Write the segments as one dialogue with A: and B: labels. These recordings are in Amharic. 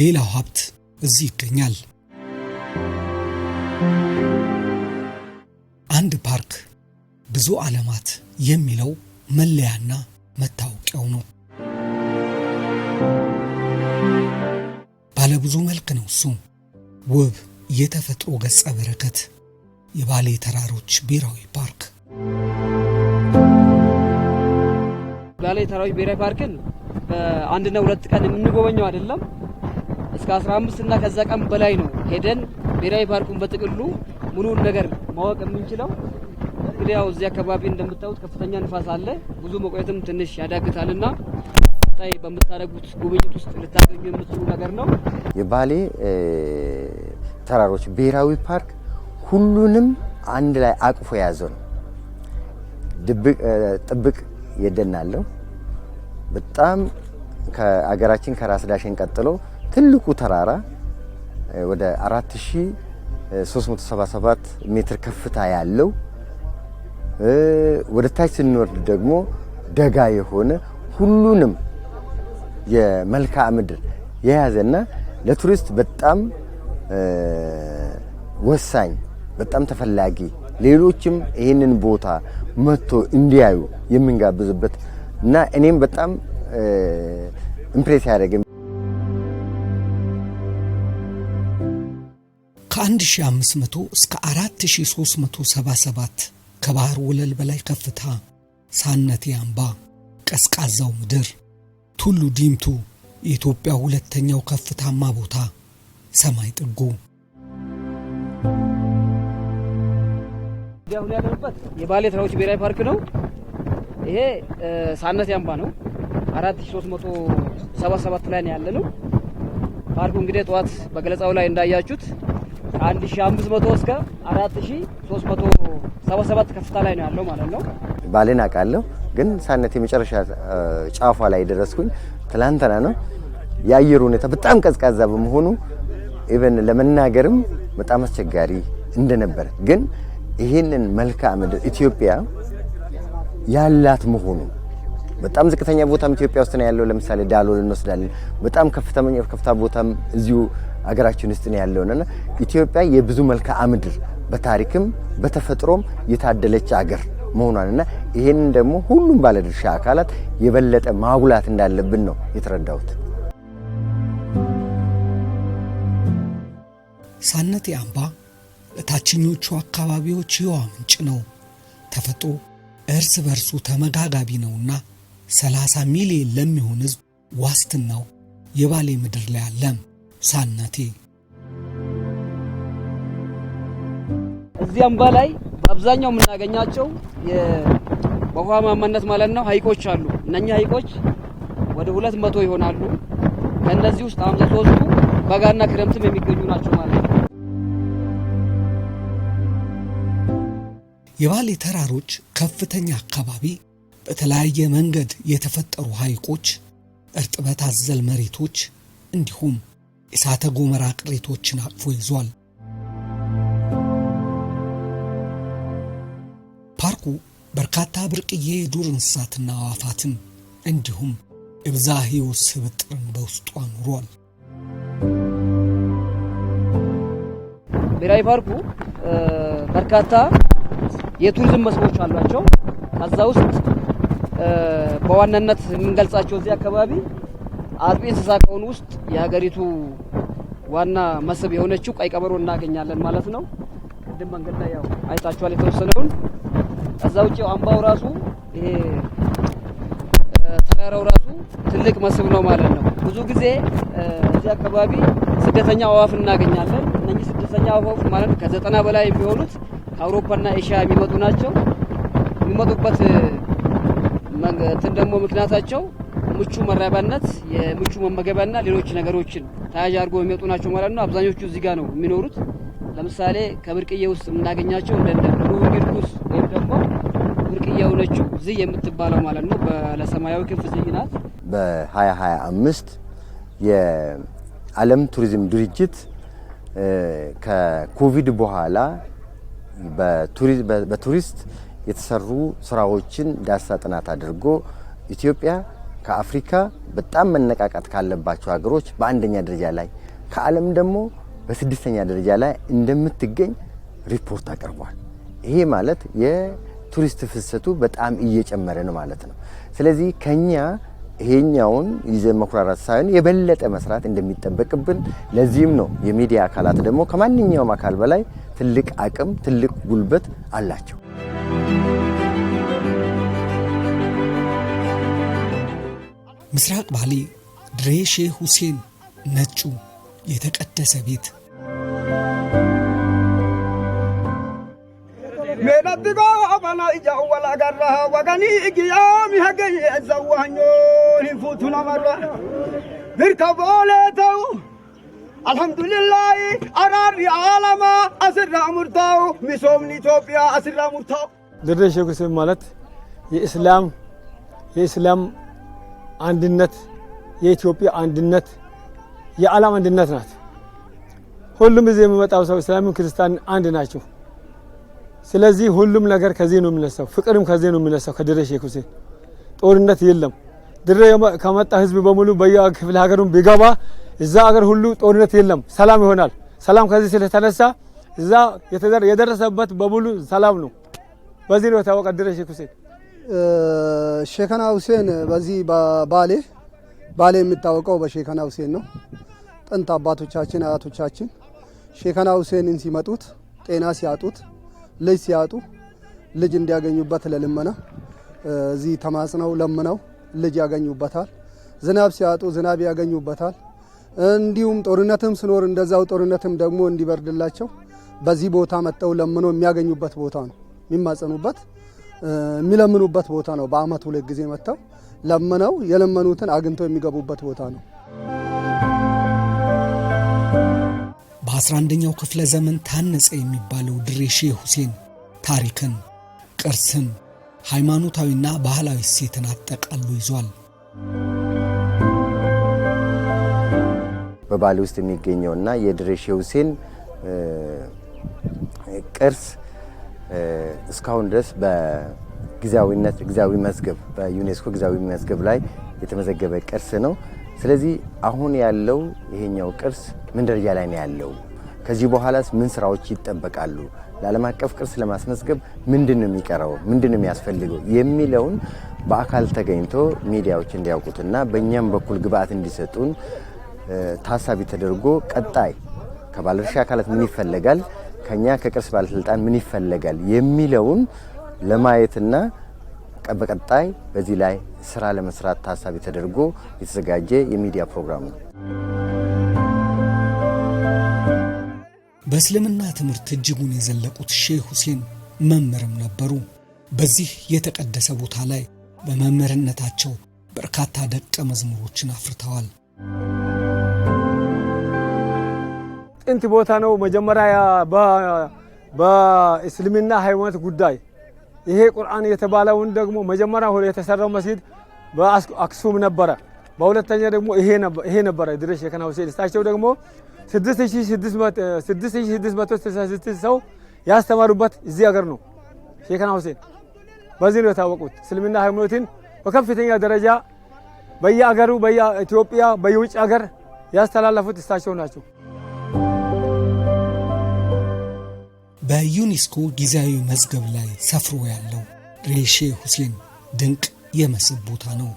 A: ሌላው ሀብት እዚህ ይገኛል። አንድ ፓርክ ብዙ ዓለማት የሚለው መለያና መታወቂያው ነው። ባለብዙ መልክ ነው እሱ ውብ የተፈጥሮ ገጸ በረከት የባሌ ተራሮች ብሔራዊ ፓርክ።
B: ባሌ ተራሮች ብሔራዊ ፓርክን በአንድና ሁለት ቀን የምንጎበኘው አይደለም። እስከ 15 እና ከዛ ቀን በላይ ነው ሄደን ብሔራዊ ፓርኩን በጥቅሉ ሙሉን ነገር ማወቅ የምንችለው። እንግዲህ ያው እዚህ አካባቢ እንደምታዩት ከፍተኛ ንፋስ አለ። ብዙ መቆየትም ትንሽ ያዳግታልና ታይ በምታደርጉት ጉብኝት ውስጥ ልታገኙ የምትችሉ ነገር ነው።
C: የባሌ ተራሮች ብሔራዊ ፓርክ ሁሉንም አንድ ላይ አቅፎ የያዘ ነው። ጥብቅ የደን አለው። በጣም ከአገራችን ከራስ ዳሽን ቀጥሎ ትልቁ ተራራ ወደ 4377 ሜትር ከፍታ ያለው ወደ ታች ስንወርድ ደግሞ ደጋ የሆነ ሁሉንም የመልክዓ ምድር የያዘና ለቱሪስት በጣም ወሳኝ በጣም ተፈላጊ ሌሎችም ይህንን ቦታ መጥቶ እንዲያዩ የምንጋብዝበት እና እኔም በጣም ኢምፕሬስ ያደረገኝ
A: 1500 እስከ 4377 ከባህር ወለል በላይ ከፍታ፣ ሳነቴ አምባ፣ ቀዝቃዛው ምድር፣ ቱሉ ዲምቱ የኢትዮጵያ ሁለተኛው ከፍታማ ቦታ፣ ሰማይ ጥጉ
B: አሁን ያለበት የባሌ ተራሮች ብሔራዊ ፓርክ ነው። ይሄ ሳነቴ አምባ ነው። 4377 ላይ ያለ ነው ፓርኩ። እንግዲህ ጠዋት በገለጻው ላይ እንዳያችሁት ከ1500 እስከ 4377 ከፍታ ላይ ነው ያለው ማለት ነው።
C: ባሌን አውቃለሁ፣ ግን ሳነት የመጨረሻ ጫፏ ላይ ደረስኩኝ። ትላንትና ነው። የአየር ሁኔታ በጣም ቀዝቃዛ በመሆኑ ኢቨን ለመናገርም በጣም አስቸጋሪ እንደነበረ ግን ይህንን መልክዓ ምድር ኢትዮጵያ ያላት መሆኑ በጣም ዝቅተኛ ቦታም ኢትዮጵያ ውስጥ ነው ያለው። ለምሳሌ ዳሎል እንወስዳለን። በጣም ከፍተኛ ከፍታ ቦታም እዚሁ አገራችን ውስጥ ነው ያለውና ኢትዮጵያ የብዙ መልክዓ ምድር በታሪክም በተፈጥሮም የታደለች አገር መሆኗንና ይሄንን ደግሞ ሁሉም ባለድርሻ አካላት የበለጠ ማጉላት እንዳለብን ነው የተረዳሁት።
A: ሳነት አምባ ለታችኞቹ አካባቢዎች የውሃ ምንጭ ነው። ተፈጥሮ እርስ በርሱ ተመጋጋቢ ነውና 30 ሚሊዮን ለሚሆን ሕዝብ ዋስትናው የባሌ ምድር ላይ አለም። ሳነቴ
B: እዚያም አምባ በአብዛኛው የምናገኛቸው በውሃ ማማነት ማለት ነው ሀይቆች አሉ። እነኚህ ሀይቆች ወደ ሁለት መቶ ይሆናሉ። ከእነዚህ ውስጥ ሃምሳ ሶስቱ በጋና ክረምትም የሚገኙ ናቸው ማለት ነው።
A: የባሌ ተራሮች ከፍተኛ አካባቢ በተለያየ መንገድ የተፈጠሩ ሐይቆች፣ እርጥበት አዘል መሬቶች እንዲሁም የእሳተ ጎመራ ቅሪቶችን አቅፎ ይዟል። ፓርኩ በርካታ ብርቅዬ የዱር እንስሳትና አዋፋትን እንዲሁም የብዝሃ ሕይወት ስብጥርን በውስጡ አኑሯል።
B: ብሔራዊ ፓርኩ በርካታ የቱሪዝም መስህቦች አሏቸው። ከዛ ውስጥ በዋናነት የምንገልጻቸው እዚህ አካባቢ አጥቢ እንስሳ ከሆኑ ውስጥ የሀገሪቱ ዋና መስህብ የሆነችው ቀይ ቀበሮ እናገኛለን ማለት ነው። ቅድም መንገድ ላይ ያው አይታችኋል የተወሰነውን። ከዛ ውጭ አምባው ራሱ ይሄ ተራራው ራሱ ትልቅ መስህብ ነው ማለት ነው። ብዙ ጊዜ እዚህ አካባቢ ስደተኛ አዋፍ እናገኛለን። እነዚህ ስደተኛ አዋፍ ማለት ከዘጠና በላይ የሚሆኑት ከአውሮፓና ኤሽያ የሚመጡ ናቸው። የሚመጡበት እንትን ደግሞ ምክንያታቸው ምቹ መራቢያነት፣ የምቹ መመገቢያና ሌሎች ነገሮችን ተያዥ አድርጎ የሚወጡ ናቸው ማለት ነው። አብዛኞቹ እዚህ ጋር ነው የሚኖሩት። ለምሳሌ ከብርቅዬ ውስጥ የምናገኛቸው እንደ ጊርኩስ ወይም ደግሞ ብርቅዬ የሆነችው ዝይ የምትባለው ማለት ነው። ለሰማያዊ ክንፍ ዝይ ናት።
C: በ2025 የዓለም ቱሪዝም ድርጅት ከኮቪድ በኋላ በቱሪስት የተሰሩ ስራዎችን ዳሰሳ ጥናት አድርጎ ኢትዮጵያ ከአፍሪካ በጣም መነቃቃት ካለባቸው ሀገሮች በአንደኛ ደረጃ ላይ ከዓለም ደግሞ በስድስተኛ ደረጃ ላይ እንደምትገኝ ሪፖርት አቅርቧል። ይሄ ማለት የቱሪስት ፍሰቱ በጣም እየጨመረ ነው ማለት ነው። ስለዚህ ከኛ ይሄኛውን ይዘ መኩራራት ሳይሆን የበለጠ መስራት እንደሚጠበቅብን ለዚህም ነው የሚዲያ አካላት ደግሞ ከማንኛውም አካል በላይ ትልቅ አቅም፣ ትልቅ ጉልበት አላቸው።
A: ምስራቅ ባሌ ድሬ ሼህ ሁሴን ነጩ የተቀደሰ ቤት ሜበቢጎ ኦበና ኢጃኡ ወላገራ ወገኒ እግያሚ ሀገይ ዘዋኞን ሂንፉቱ ነመራ
D: ቢርከቦ ሌተው አልሐምዱሊላህ አራሪ ዓለማ ኢትዮጵያ አስራ ሙርታው ድሬ ሼህ ሁሴን ማለት የእስላም የእስላም አንድነት የኢትዮጵያ አንድነት የዓለም አንድነት ናት። ሁሉም እዚህ የሚመጣው ሰው እስላምን ክርስቲያን አንድ ናቸው። ስለዚህ ሁሉም ነገር ከዚህ ነው የሚነሳው፣ ፍቅርም ከዚህ ነው የሚነሳው። ከድሬ ሼክ ሁሴን ጦርነት የለም። ድሬ ከመጣ ህዝብ በሙሉ በየክፍለ ሀገሩም ቢገባ እዛ ሀገር ሁሉ ጦርነት የለም፣ ሰላም ይሆናል። ሰላም ከዚህ ስለተነሳ እዛ የደረሰበት በሙሉ ሰላም ነው። በዚህ ነው የታወቀ ድሬ ሼክ ሁሴን
E: ሼከና ሁሴን በዚህ ባሌ ባሌ የሚታወቀው በሼከና ሁሴን ነው። ጥንት አባቶቻችን አያቶቻችን ሼከና ሁሴንን ሲመጡት ጤና ሲያጡት ልጅ ሲያጡ ልጅ እንዲያገኙበት ለልመና እዚህ ተማጽነው ለምነው ልጅ ያገኙበታል። ዝናብ ሲያጡ ዝናብ ያገኙበታል። እንዲሁም ጦርነትም ስኖር እንደዛው ጦርነትም ደግሞ እንዲበርድላቸው በዚህ ቦታ መጥተው ለምኖ የሚያገኙበት ቦታ ነው የሚማጸኑበት የሚለምኑበት ቦታ ነው። በአመት ሁለት ጊዜ መጥተው ለምነው የለመኑትን አግኝተው የሚገቡበት ቦታ ነው።
A: በ11ኛው ክፍለ ዘመን ታነጸ የሚባለው ድሬ ሼህ ሁሴን ታሪክን፣ ቅርስን፣ ሃይማኖታዊና ባህላዊ እሴትን አጠቃሎ ይዟል።
C: በባሌ ውስጥ የሚገኘውና የድሬ ሼህ ሁሴን ቅርስ እስካሁን ድረስ በጊዜያዊነት ጊዜያዊ መዝገብ በዩኔስኮ ጊዜያዊ መዝገብ ላይ የተመዘገበ ቅርስ ነው። ስለዚህ አሁን ያለው ይሄኛው ቅርስ ምን ደረጃ ላይ ነው ያለው? ከዚህ በኋላስ ምን ስራዎች ይጠበቃሉ? ለዓለም አቀፍ ቅርስ ለማስመዝገብ ምንድን ነው የሚቀረው? ምንድን ነው የሚያስፈልገው? የሚለውን በአካል ተገኝቶ ሚዲያዎች እንዲያውቁትና በእኛም በኩል ግብአት እንዲሰጡን ታሳቢ ተደርጎ ቀጣይ ከባለድርሻ አካላት ምን ይፈለጋል ከኛ ከቅርስ ባለስልጣን ምን ይፈለጋል የሚለውን ለማየትና በቀጣይ በዚህ ላይ ስራ ለመስራት ታሳቢ ተደርጎ የተዘጋጀ የሚዲያ ፕሮግራም ነው።
A: በእስልምና ትምህርት እጅጉን የዘለቁት ሼህ ሁሴን መምህርም ነበሩ። በዚህ የተቀደሰ ቦታ ላይ በመምህርነታቸው በርካታ ደቀ መዝሙሮችን አፍርተዋል።
D: ጥንት ቦታ ነው። መጀመሪያ በእስልምና ሃይማኖት ጉዳይ ይሄ ቁርአን የተባለውን ደግሞ መጀመሪያ ሆኖ የተሰራው መስጊድ በአክሱም ነበረ። በሁለተኛ ደግሞ ይሄ ነበረ ድረሽ የከና ሁሴን እሳቸው ደግሞ 6666 ሰው ያስተማሩበት እዚህ ሀገር ነው ሼከና ሁሴን። በዚህ ነው የታወቁት። እስልምና ሃይማኖትን በከፍተኛ ደረጃ በየአገሩ በኢትዮጵያ በየውጭ ሀገር ያስተላለፉት እሳቸው ናቸው።
A: በዩኒስኮ ጊዜያዊ መዝገብ ላይ ሰፍሮ ያለው ሬሼ ሁሴን ድንቅ የመስህብ ቦታ ነው።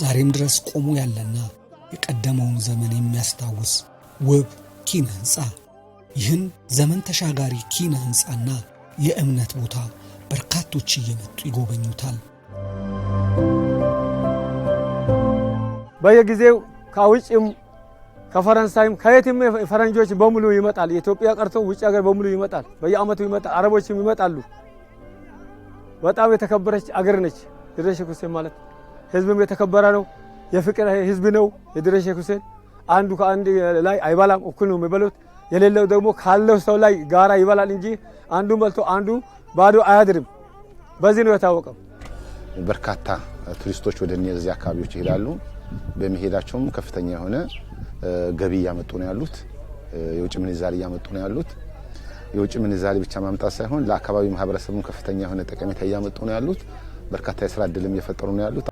A: ዛሬም ድረስ ቆሞ ያለና የቀደመውን ዘመን የሚያስታውስ ውብ ኪነ ሕንፃ። ይህን ዘመን ተሻጋሪ ኪነ ሕንፃና የእምነት ቦታ በርካቶች እየመጡ ይጎበኙታል።
D: በየጊዜው ከውጭም ከፈረንሳይም ከየትም ፈረንጆች በሙሉ ይመጣል። ኢትዮጵያ ቀርቶ ውጭ ሀገር በሙሉ ይመጣል። በየአመቱ ይመጣል። አረቦችም ይመጣሉ። በጣም የተከበረች አገር ነች ድሬ ሼክ ሁሴን ማለት። ህዝብም የተከበረ ነው። የፍቅር ህዝብ ነው የድሬ ሼክ ሁሴን። አንዱ ከአንድ ላይ አይበላም፣ እኩል ነው የሚበሉት። የሌለው ደግሞ ካለው ሰው ላይ ጋራ ይበላል እንጂ አንዱ በልቶ አንዱ ባዶ አያድርም። በዚህ ነው የታወቀው።
F: በርካታ ቱሪስቶች ወደ እነዚህ አካባቢዎች ይሄዳሉ። በመሄዳቸውም ከፍተኛ የሆነ ገቢ እያመጡ ነው ያሉት። የውጭ ምንዛሪ እያመጡ ነው ያሉት። የውጭ ምንዛሪ ብቻ ማምጣት ሳይሆን ለአካባቢ ማህበረሰቡም ከፍተኛ የሆነ ጠቀሜታ እያመጡ ነው ያሉት። በርካታ የስራ እድልም እየፈጠሩ ነው ያሉት።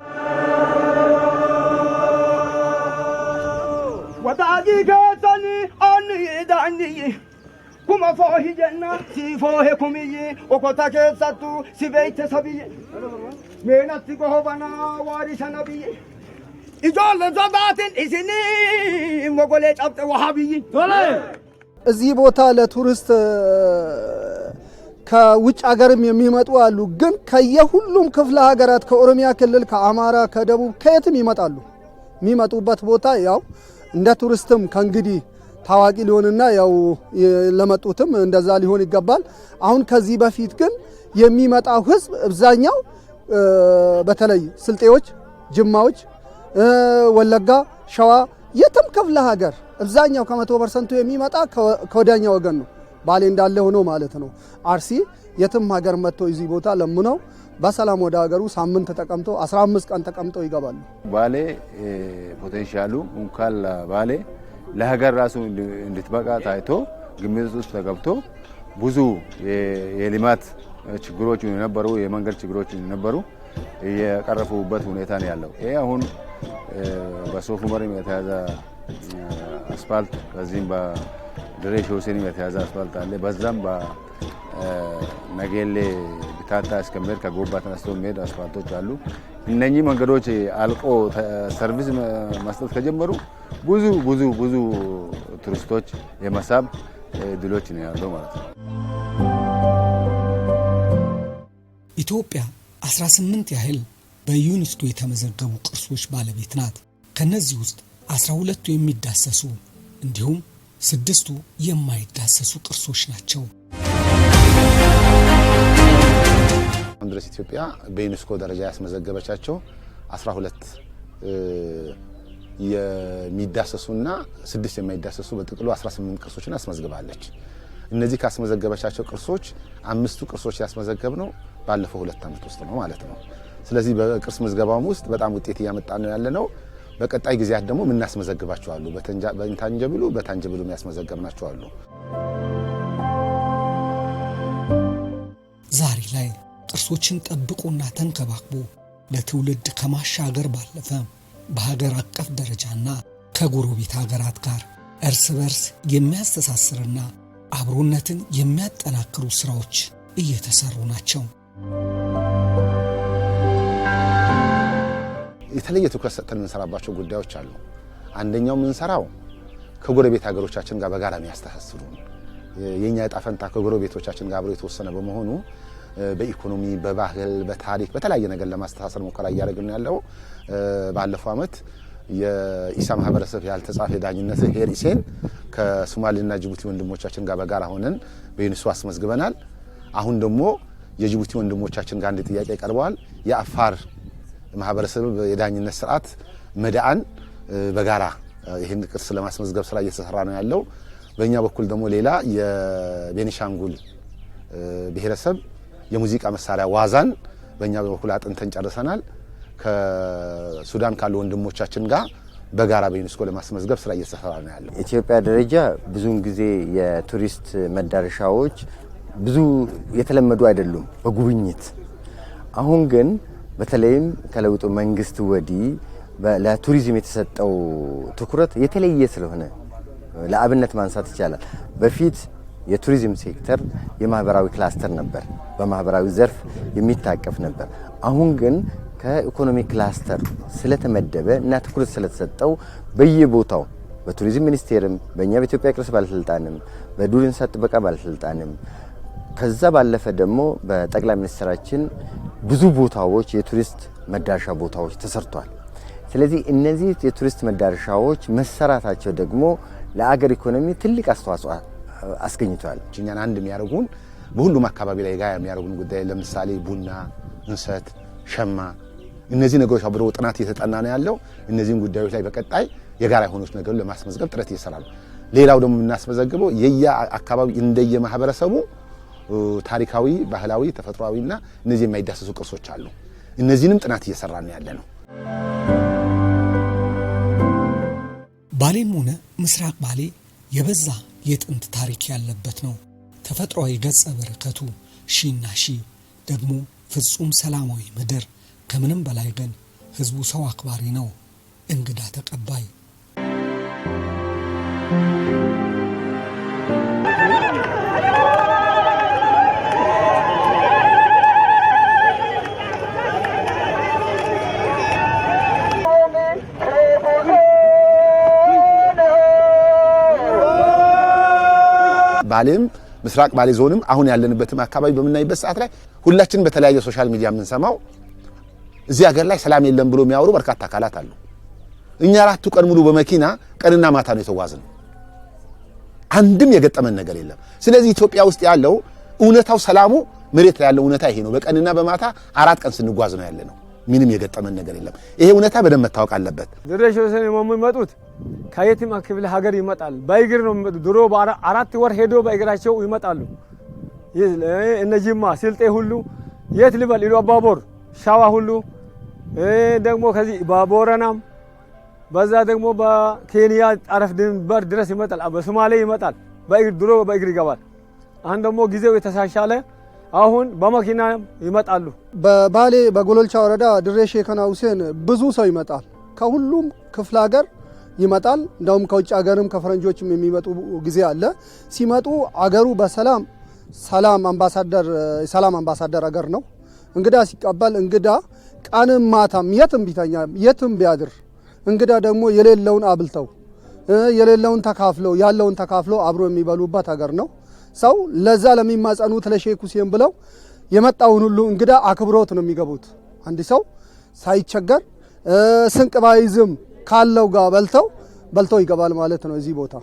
E: እዚህ ቦታ ለቱሪስት ከውጭ ሀገርም የሚመጡ አሉ። ግን ከየሁሉም ክፍለ ሀገራት ከኦሮሚያ ክልል፣ ከአማራ፣ ከደቡብ ከየትም ይመጣሉ። የሚመጡበት ቦታ ያው እንደ ቱሪስትም ከእንግዲህ ታዋቂ ሊሆንና ያው ለመጡትም እንደዛ ሊሆን ይገባል። አሁን ከዚህ በፊት ግን የሚመጣው ህዝብ አብዛኛው በተለይ ስልጤዎች፣ ጅማዎች ወለጋ፣ ሸዋ፣ የትም ክፍለ ሀገር አብዛኛው ከመቶ ፐርሰንቱ የሚመጣ ከወዳኛ ወገን ነው። ባሌ እንዳለ ሆኖ ማለት ነው። አርሲ የትም ሀገር መጥቶ እዚህ ቦታ ለምነው በሰላም ወደ ሀገሩ ሳምንት ተቀምጦ 15 ቀን ተቀምጦ ይገባሉ።
F: ባሌ ፖቴንሻሉ እንኳን ባሌ ለሀገር ራሱ እንድትበቃ ታይቶ ግምት ውስጥ ተገብቶ ብዙ የልማት ችግሮች የነበሩ የመንገድ ችግሮች የነበሩ እየቀረፉበት ሁኔታ ነው ያለው። ይሄ አሁን በሶፍ ዑመርም የተያዘ አስፋልት በዚህም በድሬ ሾሴንም የተያዘ አስፋልት አለ። በዛም በነጌሌ ብታታ እስከሚሄድ ከጎባ ተነስቶ የሚሄድ አስፋልቶች አሉ። እነኚህ መንገዶች አልቆ ሰርቪስ መስጠት ከጀመሩ ብዙ ብዙ ብዙ ቱሪስቶች የመሳብ እድሎች ነው ያለው ማለት ነው።
A: ኢትዮጵያ 18 ያህል በዩኒስኮ የተመዘገቡ ቅርሶች ባለቤት ናት። ከእነዚህ ውስጥ 12 የሚዳሰሱ እንዲሁም ስድስቱ የማይዳሰሱ ቅርሶች ናቸው።
F: ድረስ ኢትዮጵያ በዩኔስኮ ደረጃ ያስመዘገበቻቸው 12 የሚዳሰሱና ስድስት የማይዳሰሱ በጥቅሉ 18 ቅርሶችን አስመዝግባለች። እነዚህ ካስመዘገበቻቸው ቅርሶች አምስቱ ቅርሶች ያስመዘገብ ነው ባለፈው ሁለት ዓመት ውስጥ ነው ማለት ነው። ስለዚህ በቅርስ ምዝገባም ውስጥ በጣም ውጤት እያመጣ ነው ያለ ነው። በቀጣይ ጊዜያት ደግሞ የምናስመዘግባቸው አሉ። በኢንታንጀብሉ በታንጀብሉ የሚያስመዘገብናቸው አሉ።
A: ዛሬ ላይ ቅርሶችን ጠብቆና ተንከባክቦ ለትውልድ ከማሻገር ባለፈ በሀገር አቀፍ ደረጃና ከጎረቤት ሀገራት ጋር እርስ በርስ የሚያስተሳስርና አብሮነትን የሚያጠናክሩ ስራዎች እየተሰሩ ናቸው።
F: የተለየ ትኩረት ሰጥተን የምንሰራባቸው ጉዳዮች አሉ። አንደኛው የምንሰራው ከጎረቤት ሀገሮቻችን ጋር በጋራ የሚያስተሳስሩን የእኛ ዕጣ ፈንታ ከጎረቤቶቻችን ጋር አብሮ የተወሰነ በመሆኑ በኢኮኖሚ፣ በባህል፣ በታሪክ በተለያየ ነገር ለማስተሳሰር ሙከራ እያደረግን ያለው ባለፈው ዓመት የኢሳ ማህበረሰብ ያልተጻፈ የዳኝነት ሄሪሴን ከሶማሌና ጅቡቲ ወንድሞቻችን ጋር በጋራ ሆነን በዩኒስኮ አስመዝግበናል። አሁን ደግሞ የጅቡቲ ወንድሞቻችን ጋር አንድ ጥያቄ ቀርበዋል። የአፋር ማህበረሰብ የዳኝነት ስርዓት መዳአን በጋራ ይህን ቅርስ ለማስመዝገብ ስራ እየተሰራ ነው ያለው። በእኛ በኩል ደግሞ ሌላ የቤኒሻንጉል ብሔረሰብ የሙዚቃ መሳሪያ ዋዛን በእኛ በኩል አጥንተን ጨርሰናል። ከሱዳን ካሉ ወንድሞቻችን ጋር በጋራ በዩኔስኮ ለማስመዝገብ
C: ስራ እየተሰራ ነው ያለው። ኢትዮጵያ ደረጃ ብዙውን ጊዜ የቱሪስት መዳረሻዎች ብዙ የተለመዱ አይደሉም በጉብኝት አሁን ግን በተለይም ከለውጡ መንግስት ወዲህ ለቱሪዝም የተሰጠው ትኩረት የተለየ ስለሆነ ለአብነት ማንሳት ይቻላል። በፊት የቱሪዝም ሴክተር የማህበራዊ ክላስተር ነበር፣ በማህበራዊ ዘርፍ የሚታቀፍ ነበር። አሁን ግን ከኢኮኖሚ ክላስተር ስለተመደበ እና ትኩረት ስለተሰጠው በየቦታው በቱሪዝም ሚኒስቴርም፣ በእኛ በኢትዮጵያ ቅርስ ባለስልጣንም፣ በዱር እንስሳት ጥበቃ ባለስልጣንም ከዛ ባለፈ ደግሞ በጠቅላይ ሚኒስትራችን ብዙ ቦታዎች የቱሪስት መዳረሻ ቦታዎች ተሰርቷል። ስለዚህ እነዚህ የቱሪስት መዳረሻዎች መሰራታቸው ደግሞ ለአገር ኢኮኖሚ ትልቅ አስተዋጽኦ አስገኝቷል። እኛን አንድ የሚያደርጉን በሁሉም አካባቢ ላይ ጋር የሚያደርጉን ጉዳይ ለምሳሌ ቡና፣ እንሰት፣ ሸማ
F: እነዚህ ነገሮች አብሮ ጥናት እየተጠና ነው ያለው። እነዚህን ጉዳዮች ላይ በቀጣይ የጋራ የሆኖች ነገሩ ለማስመዝገብ ጥረት እየሰራ ነው። ሌላው ደግሞ የምናስመዘግበው የየ አካባቢ እንደየ ማህበረሰቡ ታሪካዊ፣ ባህላዊ፣ ተፈጥሯዊና እነዚህ የማይዳሰሱ ቅርሶች አሉ። እነዚህንም ጥናት እየሰራ ነው ያለ ነው።
A: ባሌም ሆነ ምስራቅ ባሌ የበዛ የጥንት ታሪክ ያለበት ነው። ተፈጥሯዊ ገጸ በረከቱ ሺና ሺ ደግሞ ፍጹም ሰላማዊ ምድር። ከምንም በላይ ግን ህዝቡ ሰው አክባሪ ነው፣ እንግዳ ተቀባይ
F: ባሌም ምስራቅ ባሌ ዞንም አሁን ያለንበትም አካባቢ በምናይበት ሰዓት ላይ ሁላችንም በተለያየ ሶሻል ሚዲያ የምንሰማው እዚህ ሀገር ላይ ሰላም የለም ብሎ የሚያወሩ በርካታ አካላት አሉ። እኛ አራቱ ቀን ሙሉ በመኪና ቀንና ማታ ነው የተዋዝነው። አንድም የገጠመን ነገር የለም። ስለዚህ ኢትዮጵያ ውስጥ ያለው እውነታው ሰላሙ መሬት ላይ ያለው እውነታ ይሄ ነው። በቀንና በማታ አራት ቀን ስንጓዝ ነው ያለ ነው። ምንም የገጠመን ነገር የለም። ይሄ እውነታ በደንብ መታወቅ አለበት።
D: ድሬሽ ወሰን ሞ ይመጡት ከየትም ክፍለ ሀገር ይመጣል። በእግር ነው የሚመጡት። ድሮ አራት ወር ሄዶ በእግራቸው ይመጣሉ። እነጂማ ስልጤ ሁሉ የት ልበል ኢሉ አባቦር፣ ሻዋ ሁሉ ደግሞ ከዚህ በቦረናም በዛ ደግሞ በኬንያ ጠረፍ ድንበር ድረስ ይመጣል። በሶማሌ ይመጣል። ድሮ በእግር ይገባል። አሁን ደግሞ ጊዜው የተሻሻለ አሁን በመኪና ይመጣሉ።
E: በባሌ በጎሎልቻ ወረዳ ድሬ ሼከና ሁሴን ብዙ ሰው ይመጣል። ከሁሉም ክፍለ ሀገር ይመጣል። እንደውም ከውጭ ሀገርም ከፈረንጆችም የሚመጡ ጊዜ አለ። ሲመጡ አገሩ በሰላም ሰላም አምባሳደር የሰላም አምባሳደር አገር ነው። እንግዳ ሲቀበል እንግዳ ቀንም ማታም የትም ቢተኛ የትም ቢያድር እንግዳ ደግሞ የሌለውን አብልተው የሌለውን ተካፍለው ያለውን ተካፍለው አብሮ የሚበሉበት ሀገር ነው። ሰው ለዛ ለሚማጸኑት ለሼክ ሁሴን ብለው የመጣውን ሁሉ እንግዳ አክብሮት ነው የሚገቡት። አንድ ሰው ሳይቸገር ስንቅ ባይዝም ካለው ጋር በልተው በልተው ይገባል ማለት ነው እዚህ ቦታ